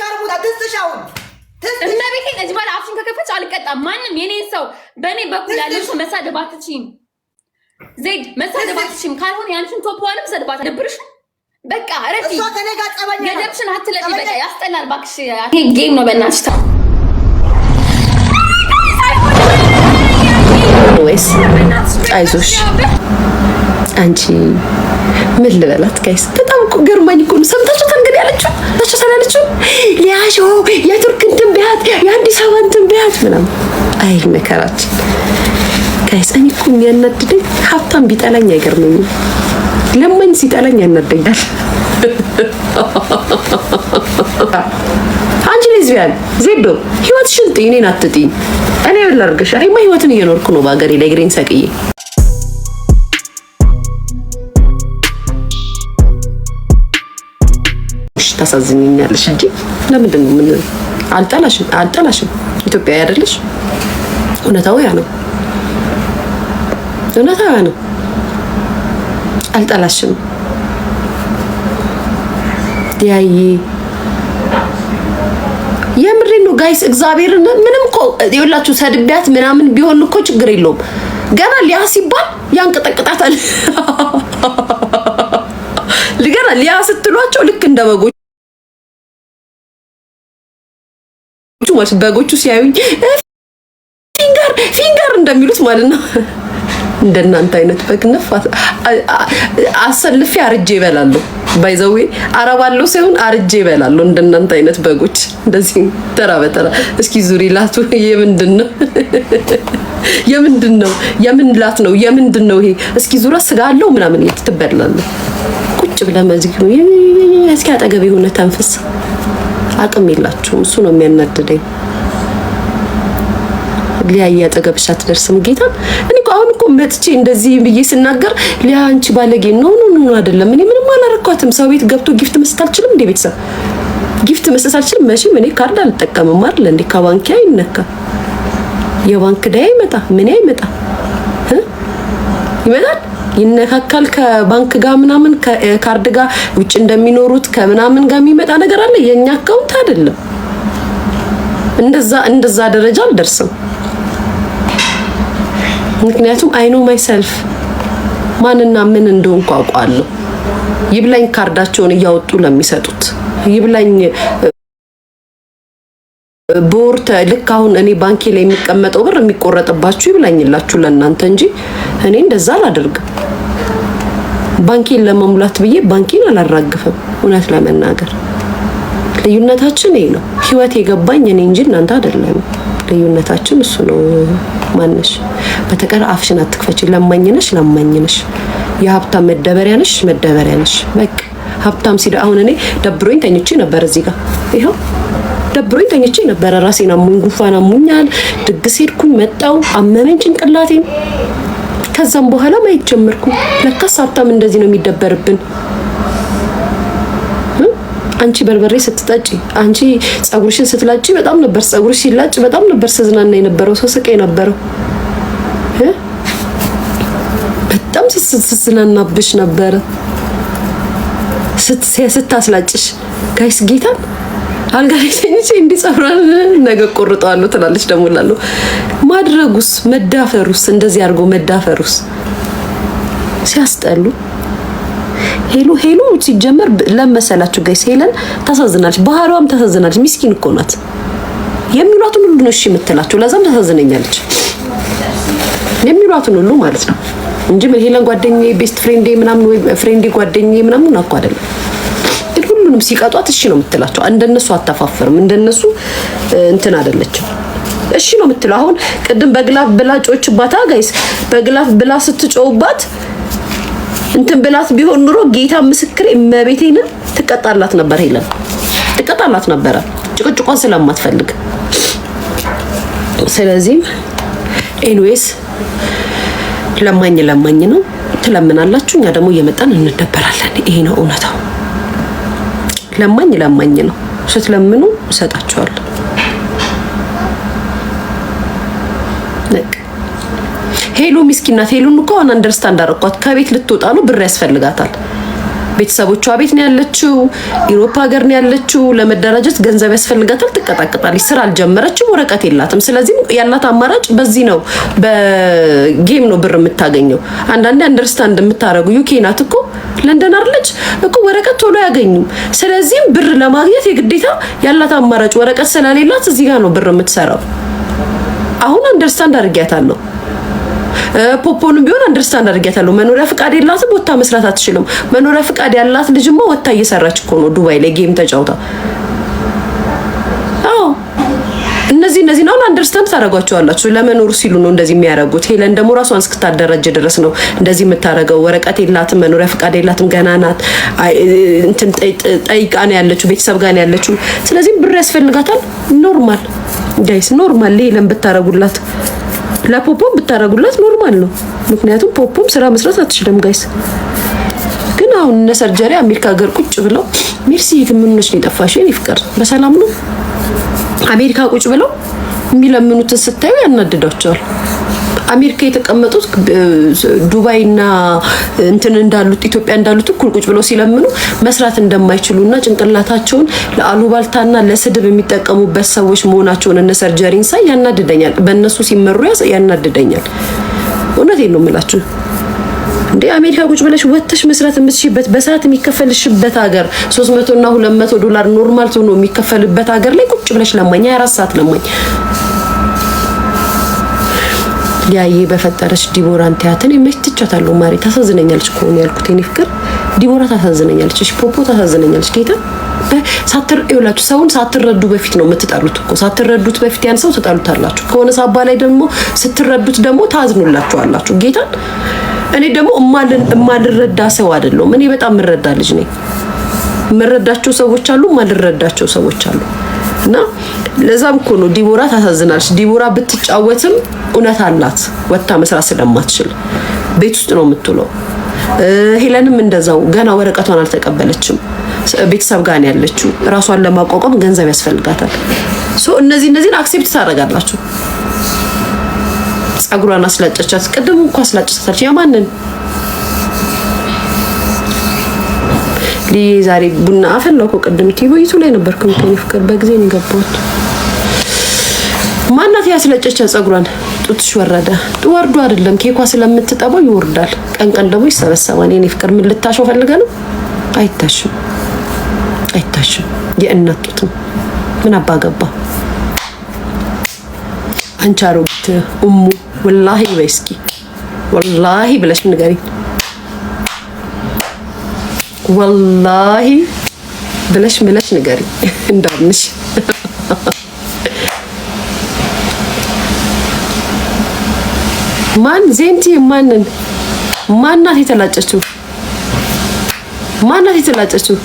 ሸርሙጣ ትስሻው እመቤቴን እጅ ባላ አፍሽን ከከፈች አልቀጣም። ማንም የኔ ሰው በእኔ በኩል ያለ ሰው መሳደብ አትችይም። ዜድ መሳደብ አትችይም። ካልሆነ ያንቺን ቶፖዋንም ሰድባት ደብርሽ በቃ ረፊ ገደብሽን አትለቂ። በቃ ያስጠላል። እባክሽ ይሄ ጌም ነው። በእናትሽ ተው ወይስ አይዞሽ አንቺ ምን ልበላት ጋይስ? በጣም እኮ ገርማኝ እኮ ነው። ሰምታችሁታል እንግዲህ ያለችው ታችሁ ሰላለችው ሊያሾ የቱርክ እንትን ቢያት የአዲስ አበባ እንትን ቢያት ምናምን። አይ መከራችን ጋይስ። እኔ እኮ የሚያናድደኝ ሀብታም ቢጠላኝ አይገርመኝም፣ ለማኝ ሲጠላኝ ያናደኛል። አንቺ ሌዝቢያን ዜዶ ህይወት ሽንጥ እኔን አትጥይ። እኔ ላርገሻ። እኔማ ህይወትን እየኖርኩ ነው በሀገሬ ላይ እግሬን ሰቅዬ ታሳዝኝኛለሽ እንጂ ለምንድን ነው ምን አልጠላሽም አልጠላሽም ኢትዮጵያዊ አይደለሽ እውነታው ያ ነው እውነታው ያ ነው አልጠላሽም ያይ የምሬን ነው ጋይስ እግዚአብሔርን ምንም እኮ የሁላችሁ ሰድቢያት ምናምን ቢሆን እኮ ችግር የለውም ገና ሊያ ሲባል ያንቀጠቅጣታል ገና ሊያ ስትሏቸው ልክ እንደ በጎች ማለት በጎቹ ሲያዩኝ ፊንገር ፊንገር እንደሚሉት ማለት ነው። እንደናንተ አይነት በግ ነፍ አሰልፌ አርጄ ይበላለሁ። ባይዘዌ አረባለሁ ሳይሆን አርጄ ይበላሉ። እንደናንተ አይነት በጎች እንደዚህ ተራ በተራ እስኪ ዙሪ ላቱ የምንድን ነው? የምንድን ነው? የምን ላት ነው? የምንድን ነው ይሄ? እስኪ ዙራ ስጋ አለው ምናምን ትበላለህ። ቁጭ ብለህ መዝጊ እስኪ አጠገብ የሆነ ተንፍስ አቅም የላችሁም። እሱ ነው የሚያናድደኝ። ሊያ እያጠገብሽ አትደርስም። ጌታ እኔ አሁን እኮ መጥቼ እንደዚህ ብዬ ስናገር ሊያ አንቺ ባለጌ ነው ነው ነው አይደለም። እኔ ምንም አላረኳትም። ሰው ቤት ገብቶ ጊፍት መስጠት አልችልም። እንደ ቤተሰብ ጊፍት መስጠት አልችልም። መቼም እኔ ካርድ አልጠቀምም አይደል እንዴ? ከባንኪ አይነካ፣ የባንክ ዳይ አይመጣ፣ ምን አይመጣ፣ ይመጣል ይነካካል ከባንክ ጋር ምናምን ከካርድ ጋር ውጭ እንደሚኖሩት ከምናምን ጋር የሚመጣ ነገር አለ። የኛ አካውንት አይደለም። እንደዛ እንደዛ ደረጃ አልደርስም። ምክንያቱም አይኖ ማይሰልፍ ማንና ምን እንደሆን ቋቋ ይብላኝ ካርዳቸውን እያወጡ ለሚሰጡት ይብላኝ በወር ልክ አሁን እኔ ባንኬ ላይ የሚቀመጠው ብር የሚቆረጥባችሁ ይብላኝላችሁ ለእናንተ እንጂ እኔ እንደዛ አላደርግም። ባንኬን ለመሙላት ብዬ ባንኬን አላራግፍም። እውነት ለመናገር ልዩነታችን ይሄ ነው። ህይወት የገባኝ እኔ እንጂ እናንተ አይደለም። ልዩነታችን እሱ ነው። ማነሽ? በተቀር አፍሽን አትክፈች። ለማኝነሽ ለማኝነሽ፣ የሀብታም መደበሪያ ነሽ መደበሪያ ነሽ። በቃ ሀብታም ሲደ አሁን እኔ ደብሮኝ ተኝቼ ነበር እዚህ ጋር ይኸው ደብሮኝ ተኝቼ ነበረ። ራሴን አሞኝ ጉንፋን አሞኛል። ድግስ ሄድኩኝ፣ መጣው አመመኝ ጭንቅላቴን። ከዛም በኋላ ማየት ጀመርኩ። ለካስ ሀብታም እንደዚህ ነው የሚደበርብን። አንቺ በርበሬ ስትጠጪ፣ አንቺ ጸጉርሽን ስትላጭ በጣም ነበር ጸጉርሽ ሲላጭ በጣም ነበር ስዝናና የነበረው ሰው ስቀ የነበረው በጣም ስዝናናብሽ ነበረ ስታስላጭሽ ጋይስ ጌታን አልጋ ላይ ተኝቼ እንዲጸብራል ነገ ቆርጠዋለሁ ትላለች። ደግሞ ላለሁ ማድረጉስ መዳፈሩስ እንደዚህ አድርጎ መዳፈሩስ ሲያስጠሉ ሄሉ ሄሉ ሲጀመር ለመሰላችሁ ጋይስ ሄለን ታሳዝናለች፣ ባህሪዋም ታሳዝናለች። ሚስኪን እኮ ናት። የሚሏትን ሁሉ ነው እሺ የምትላቸው። ለዛም ታሳዝነኛለች። የሚሏትን ሁሉ ማለት ነው እንጂ ሄለን ጓደኛዬ፣ ቤስት ፍሬንዴ ምናምን ወይ ፍሬንዴ ጓደኛዬ ምናምን አኳ አይደለም። ሁሉንም ሲቀጧት እሺ ነው የምትላቸው። እንደነሱ አታፋፈርም፣ እንደነሱ እንትን አይደለችም። እሺ ነው የምትለው። አሁን ቅድም በግላፍ ብላ ጮችባት፣ ጋይስ፣ በግላፍ ብላ ስትጮውባት እንትን ብላት ቢሆን ኑሮ ጌታ ምስክሬ እመቤቴንን ትቀጣላት ነበር። ሄለን ትቀጣላት ነበረ ጭቅጭቋን ስለማትፈልግ ስለዚህም ኤንዌስ ለማኝ ለማኝ ነው ትለምናላችሁ። እኛ ደግሞ እየመጣን እንደበራለን። ይሄ ነው እውነታው። ለማኝ ለማኝ ነው። ስትለምኑ እሰጣቸዋለሁ። ሄሉ ምስኪናት ሄሉን እኮ አንደርስታንድ አደረኳት። ከቤት ልትወጣ ነው፣ ብር ያስፈልጋታል። ቤተሰቦቿ ቤት ነው ያለችው፣ ኢሮፓ ሀገር ነው ያለችው። ለመደራጀት ገንዘብ ያስፈልጋታል፣ ትቀጣቀጣለች። ስራ አልጀመረችም፣ ወረቀት የላትም። ስለዚህ ያላት አማራጭ በዚህ ነው፣ በጌም ነው ብር የምታገኘው። አንዳንዴ አንደርስታንድ የምታደርጉ ዩኬ ናት እኮ ለንደን አለች እኮ ወረቀት ቶሎ አያገኙም። ስለዚህም ብር ለማግኘት የግዴታ ያላት አማራጭ ወረቀት ስለሌላት እዚህ ጋር ነው ብር የምትሰራው። አሁን አንደርስታንድ አድርጊያታለሁ። ፖፖንም ቢሆን አንደርስታንድ አድርጊያታለሁ። መኖሪያ ፍቃድ የላትም፣ ወታ መስራት አትችልም። መኖሪያ ፍቃድ ያላት ልጅማ ወታ እየሰራች እኮ ነው ዱባይ ላይ ጌም ተጫውታ። አዎ እነዚህ እነዚህ ነው አንደርስታንድ ታደርጓቸዋላችሁ። ለመኖር ሲሉ ነው እንደዚህ የሚያደርጉት። ሄለን ደግሞ ራሷን እስክታደራጅ ድረስ ነው እንደዚህ የምታደርገው። ወረቀት የላትም፣ መኖሪያ ፍቃድ የላትም፣ ገና ናት። እንትን ጠይቃ ነው ያለችው፣ ቤተሰብ ጋር ነው ያለችው። ስለዚህም ብር ያስፈልጋታል። ኖርማል ጋይስ፣ ኖርማል ሄለን ብታረጉላት ለፖፖም ብታረጉላት ኖርማል ነው። ምክንያቱም ፖፖም ስራ መስራት አትችልም ጋይስ። ግን አሁን እነ ሰርጀሪ አሜሪካ ሀገር ቁጭ ብለው ሜርሲ የትምኖች ነው የጠፋሽው በሰላም ነው አሜሪካ ቁጭ ብለው የሚለምኑትን ስታዩ ያናድዳቸዋል። አሜሪካ የተቀመጡት ዱባይና እንትን እንዳሉት ኢትዮጵያ እንዳሉት እኩል ቁጭ ብለው ሲለምኑ መስራት እንደማይችሉና ጭንቅላታቸውን ለአሉባልታና ለስድብ የሚጠቀሙበት ሰዎች መሆናቸውን እነ ሰርጀሪን ሳይ ያናድደኛል። በእነሱ ሲመሩ ያናድደኛል። እውነቴን ነው የምላችሁ። እንዴ አሜሪካ ቁጭ ብለሽ ወጥተሽ መስራት የምትሽበት በሰዓት የሚከፈልሽበት ሀገር 300 እና 200 ዶላር ኖርማል ሆኖ የሚከፈልበት ሀገር ላይ ቁጭ ብለሽ ለማኝ 24 ሰዓት ለማኝ ያዬ በፈጠረች ዲቦራን ትያትን የመች ማሪ ታሳዝነኛለች ከሆነ ያልኩት። የእኔ ፍቅር ዲቦራ ታሳዝነኛለች። እሺ ፖፖ ታሳዝነኛለች። ጌታ ሳትር ይውላችሁ ሰውን ሳትረዱ በፊት ነው የምትጠሉት እኮ። ሳትረዱት በፊት ያን ሰው ትጠሉታላችሁ። ከሆነ ሳባ ላይ ደግሞ ስትረዱት ደግሞ ታዝኑላችኋላችሁ ጌታን። እኔ ደግሞ እማልረዳ ሰው አይደለሁም። እኔ በጣም የምረዳ ልጅ ነኝ። ምረዳቸው ሰዎች አሉ፣ ማልረዳቸው ሰዎች አሉ። እና ለዛም እኮ ነው ዲቦራ ታሳዝናለች። ዲቦራ ብትጫወትም እውነት አላት። ወታ መስራት ስለማትችል ቤት ውስጥ ነው የምትውለው። ሄለንም እንደዛው ገና ወረቀቷን አልተቀበለችም። ቤተሰብ ጋር ያለችው ራሷን ለማቋቋም ገንዘብ ያስፈልጋታል። ሶ እነዚህ እነዚህን አክሴፕት ታደርጋላችሁ። ጸጉሯን አስላጨቻት። ቅድም እንኳ አስላጨቻታለች። ያማንን ልዬ ዛሬ ቡና አፈላኩ። ቅድም ቲቪ ላይ ነበርኩ። ምክንያቱ ፍቅር በጊዜ ነው የገባሁት። ማናት ያስለጨች ጸጉሯን? ጡትሽ ወረደ። ወርዶ አይደለም ኬኳ ስለምትጠባው ይወርዳል። ቀን ቀን ደግሞ ይሰበሰባል። የኔ ፍቅር ምን ልታሸው ፈልገ ነው? አይታሽም፣ አይታሽም። የእናት ጡትም ምን አባ ገባ። አንቺ አሮጊት እሙ ወላሂ በይ እስኪ ወላሂ ብለሽ ንገሪኝ። ወላሂ ብለሽ ምለሽ ንገሪ እንዳምሽ ማን ዜንቲ ማንን ማናት የተላጨችው? ማናት የተላጨችው?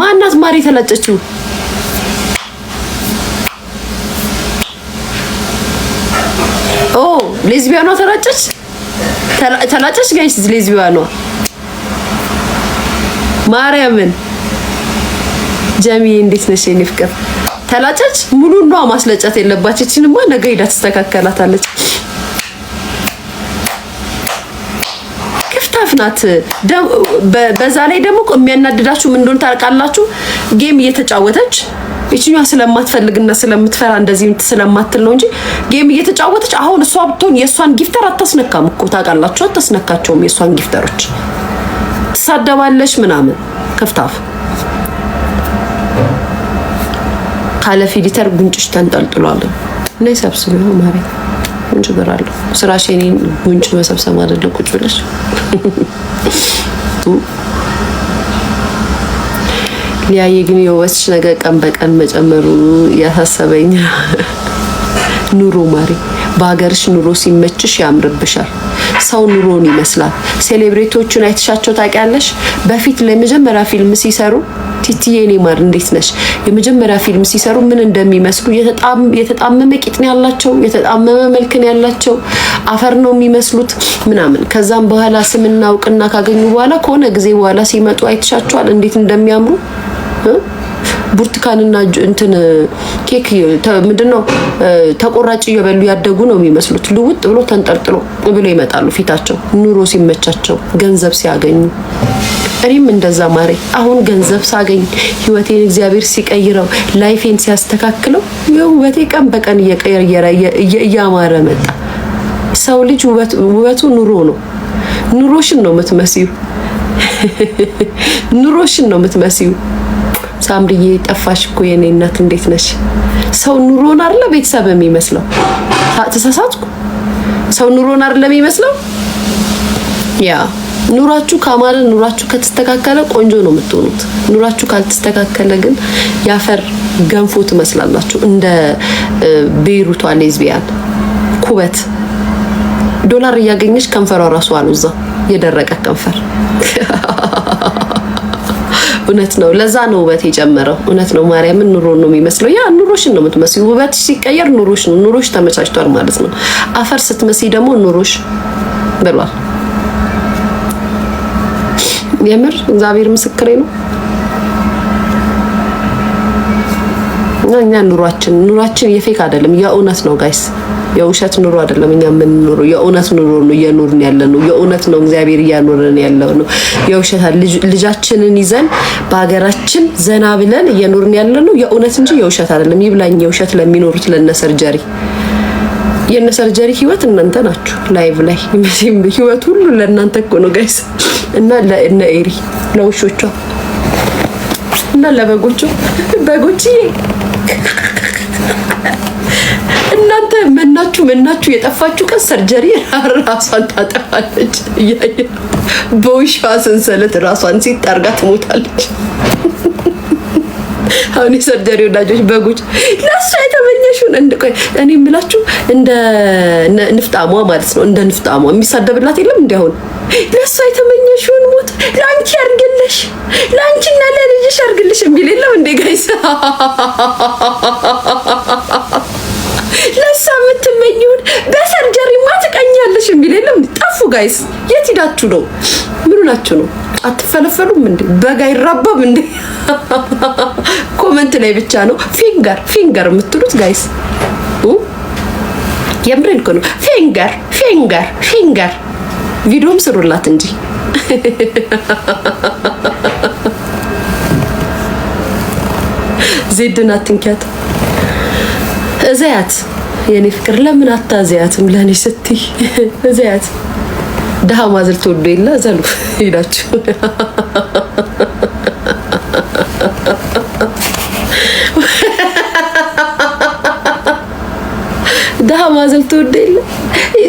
ማናት ማሪ የተላጨችው? ኦ ሌዝቢያኗ ተላጨች ተላጨች ጋይስ ሌዝቢያኗ ማርያምን ጀሚ እንዴት ነሽ የኔ ፍቅር? ተላጨች ሙሉ ነው ማስለጨት የለባች። እቺንማ ነገ ሄዳ ትስተካከላታለች። ክፍታፍ ናት። በዛ ላይ ደግሞ የሚያናድዳችሁ ምን እንደሆነ ታውቃላችሁ? ጌም እየተጫወተች ይችኛ ስለማትፈልግና ስለምትፈራ እንደዚህ ስለማትል ነው እንጂ ጌም እየተጫወተች አሁን እሷ ብትሆን የእሷን ጊፍተር አታስነካም እኮ ታውቃላችሁ። አታስነካቸውም የእሷን ጊፍተሮች ትሳደባለሽ ምናምን ክፍታፍ ካለ ፊሊተር ጉንጭሽ ተንጠልጥሏል። እና ሰብስብ ነው ማሪ ጉንጭ ብራለሁ። ስራሽ የኔን ጉንጭ መሰብሰብ አይደለ? ቁጭ ብለሽ ሊያየ ግን የወስሽ ነገር ቀን በቀን መጨመሩ ያሳሰበኝ። ኑሮ ማሪ፣ በሀገርሽ ኑሮ ሲመችሽ ያምርብሻል። ሰው ኑሮን ይመስላል። ሴሌብሬቶቹን አይተሻቸው ታውቂያለሽ? በፊት ለመጀመሪያ ፊልም ሲሰሩ ቲቲዬ ኔማር እንዴት ነሽ? የመጀመሪያ ፊልም ሲሰሩ ምን እንደሚመስሉ የተጣመመ ቂጥን ያላቸው፣ የተጣመመ መልክን ያላቸው አፈር ነው የሚመስሉት ምናምን። ከዛም በኋላ ስምና እውቅና ካገኙ በኋላ ከሆነ ጊዜ በኋላ ሲመጡ አይተሻቸዋል እንዴት እንደሚያምሩ ብርቱካንና እንትን ኬክ ምንድነው ተቆራጭ እየበሉ ያደጉ ነው የሚመስሉት። ልውጥ ብሎ ተንጠልጥሎ ብሎ ይመጣሉ ፊታቸው ኑሮ ሲመቻቸው ገንዘብ ሲያገኙ። እኔም እንደዛ ማሬ፣ አሁን ገንዘብ ሳገኝ ህይወቴን እግዚአብሔር ሲቀይረው ላይፌን ሲያስተካክለው የውበቴ ቀን በቀን እያማረ መጣ። ሰው ልጅ ውበቱ ኑሮ ነው። ኑሮሽን ነው የምትመሲው። ኑሮሽን ነው የምትመሲው። ሳምርዬ ጠፋሽ እኮ የኔ እናት እንዴት ነሽ? ሰው ኑሮን አይደለ ቤተሰብ የሚመስለው? ተሳሳትኩ? ሰው ኑሮን አይደለ የሚመስለው? ያ ኑራችሁ ካማረ ኑራችሁ ከተስተካከለ ቆንጆ ነው የምትሆኑት። ኑራችሁ ካልተስተካከለ ግን ያፈር ገንፎ ትመስላላችሁ። እንደ ቤይሩቷ ሌዝቢያን ኩበት ዶላር እያገኘች ከንፈሯ ራሱ አሉ እዛ የደረቀ ከንፈር እውነት ነው። ለዛ ነው ውበት የጨመረው። እውነት ነው። ማርያምን ኑሮ ነው የሚመስለው። ያ ኑሮሽን ነው የምትመስለው። ውበት ሲቀየር ኑሮሽ ነው። ኑሮሽ ተመቻችቷል ማለት ነው። አፈር ስትመስይ ደግሞ ኑሮሽ ብሏል። የምር እግዚአብሔር ምስክሬ ነው። እኛ ኑሯችን ኑሯችን የፌክ አይደለም፣ የእውነት ነው ጋይስ። የውሸት ኑሮ አይደለም እኛ የምንኖረው፣ የእውነት ኑሮ ነው እየኖርን ያለ ነው። የእውነት ነው እግዚአብሔር እያኖረን ያለው ነው። የውሸት ልጃችንን ይዘን በሀገራችን ዘና ብለን እየኖርን ያለ ነው። የእውነት እንጂ የውሸት አይደለም። ይብላኝ የውሸት ለሚኖሩት ለነሰርጀሪ የነሰርጀሪ ህይወት እናንተ ናችሁ። ላይቭ ላይ ህይወት ሁሉ ለእናንተ እኮ ነው ጋይስ እና ለእነ ኤሪ ለውሾቿ እና ለበጎቹ በጎችዬ እናንተ መናችሁ መናችሁ የጠፋችሁ ቀን ሰርጀሪ ራሷን ታጠፋለች። በውሻ ሰንሰለት ራሷን ሲታርጋ ትሞታለች። አሁን የሰርጀሪ ወዳጆች በጉች ለእሷ የተመኘሽውን እንደ ቆይ እኔ የምላችሁ እንደ ንፍጣሟ ማለት ነው። እንደ ንፍጣሟ የሚሳደብላት የለም እንዲያሁን አሁን ለእሷ የተመኘሽውን ሞት ለአንቺ ያርግልሽ፣ ለአንቺና ለልጅሽ ያርግልሽ የሚል የለም እንዴ ጋይስ ጋይስ የት ሂዳችሁ ነው? ምኑ ናችሁ ነው? አትፈለፈሉም እንዴ? በጋ ይራባም እንዴ? ኮመንት ላይ ብቻ ነው ፊንገር ፊንገር የምትሉት ጋይስ። የምሬን እኮ ነው። ፊንገር ፊንገር ፊንገር ቪዲዮም ስሩላት እንጂ ዜድን አትንኪያት፣ እዘያት የኔ ፍቅር። ለምን አታዘያትም? ለእኔ ስትይ እዘያት። ድሃ ማዘር ተወዶ የለ ዘሉ ሄዳችሁ ድሃ ማዘር ተወዶ የለ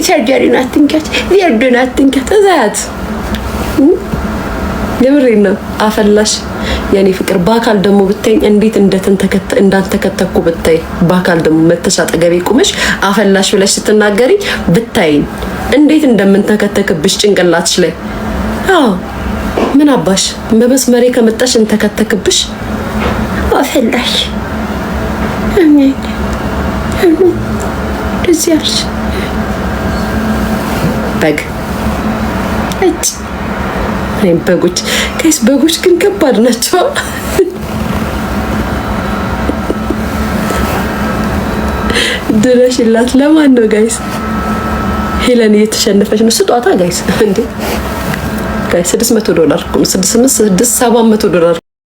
ሰርጀሪን አትንኪያት ቪርዶን አትንኪያት እዛያት የምሬን ነው። አፈላሽ የኔ ፍቅር በአካል ደግሞ ብታይ እንዴት እንዳንተከተኩ ብታይ፣ በአካል ደግሞ መተሽ አጠገቤ ቁመሽ አፈላሽ ብለሽ ስትናገሪ ብታይ እንዴት እንደምንተከተክብሽ ጭንቅላትሽ ላይ አዎ፣ ምን አባሽ በመስመሬ ከመጣሽ እንተከተክብሽ አፈላሽ በግ ታይም በጎች ከይስ በጎች ግን ከባድ ናቸው። ድረሽላት ለማን ነው ጋይስ? ሄለን እየተሸነፈች ነው። ስጧታ ጋይስ እንዴ ጋይስ 600 ዶላር 6 መቶ ዶላር